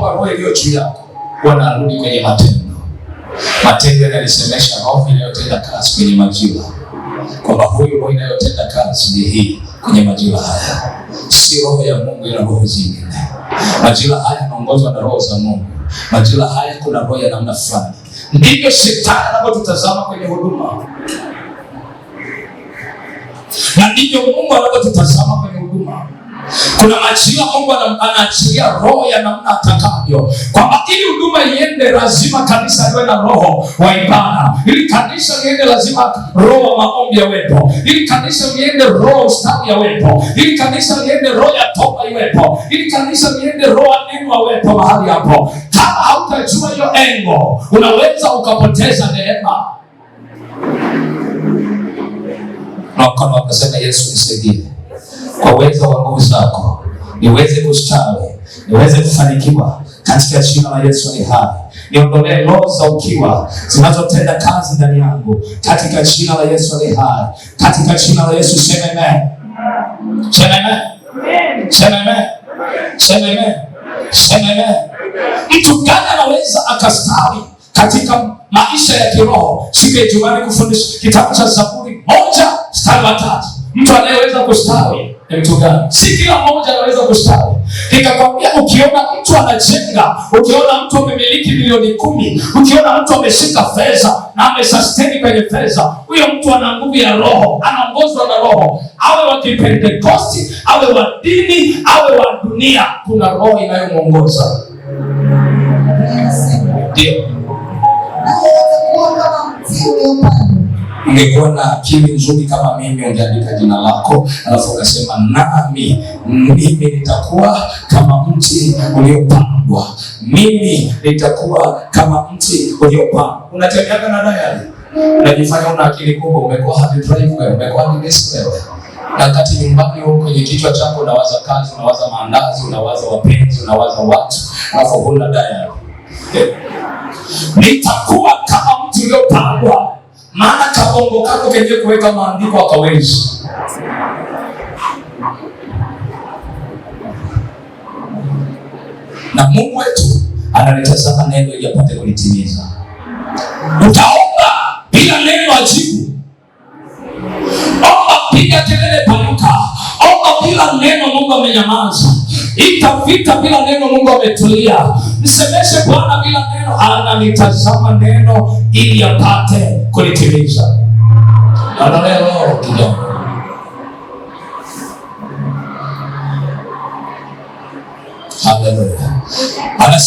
Akiondoa roho iliyo juu yako, wanarudi kwenye matendo. Matendo yanalisemesha roho inayotenda kazi kwenye majiwa, kwamba huyu roho inayotenda kazi ni hii kwenye majiwa haya, si roho ya Mungu, ila roho zingine. Majira haya yanaongozwa na roho za Mungu. Majira haya kuna roho ya namna fulani. Ndivyo shetani anavyotutazama kwenye huduma na ndivyo Mungu anavyotutazama kwenye huduma tunaachilia Mungu anaachilia roho ya namna atakavyo, kwamba ili huduma iende lazima kanisa liwe na roho wa ibada, ili kanisa liende lazima roho wa maombi yawepo, ili kanisa liende roho ustawi yawepo, ili kanisa liende roho ya toba iwepo, ili kanisa liende roho neno awepo mahali hapo. Kama hautajua hiyo engo, unaweza ukapoteza neema. Na mkono Yesu nisaidie, kwa uwezo wa nguvu zako niweze kustawi, niweze kufanikiwa katika jina la Yesu ni hai. Niondolee roho za ukiwa zinazotenda kazi ndani yangu katika jina la Yesu ni hai, katika jina la Yesu. Sema amen, sema amen, sema amen, sema amen, sema amen. Mtu gani anaweza akastawi katika maisha ya kiroho? Siku ya Ijumaa kufundisha kitabu cha Zaburi moja mstari wa tatu, mtu anayeweza kustawi ni mtu gani? Si kila mmoja anaweza kustawi. Nikakwambia, ukiona mtu anajenga, ukiona mtu amemiliki milioni kumi, ukiona mtu ameshika fedha na amesusteni kwenye fedha, huyo mtu ana nguvu ya Roho, anaongozwa na Roho, awe wa Kipentekosti, awe wa dini, awe wa dunia, kuna roho inayomwongoza ndio Ungekuwa na akili nzuri kama mimi, ungeandika jina lako alafu ukasema, nami mimi nitakuwa kama mti uliopandwa, mimi nitakuwa kama mti uliopandwa. Unatembeaga na dayari, unajifanya una akili kubwa, umekuwa hard drive umekuwa hard disk wewe na wakati nyumbani huko kwenye kichwa chako unawaza kazi, unawaza maandazi, unawaza wapenzi, unawaza watu, alafu huna diary. Nitakuwa kama mtu uliopangwa maana kabongo kako kenye kuweka maandiko akawezi na Mungu wetu analitazama neno ili apate kulitimiza. Utaomba bila neno ajibu, omba, piga kelele, panuka, omba bila neno, Mungu amenyamaza. itafita bila neno, Mungu ametulia. Msemeshe Bwana bila neno, analitazama neno ili apate kulitimiza. Analelewa kijana haleluya.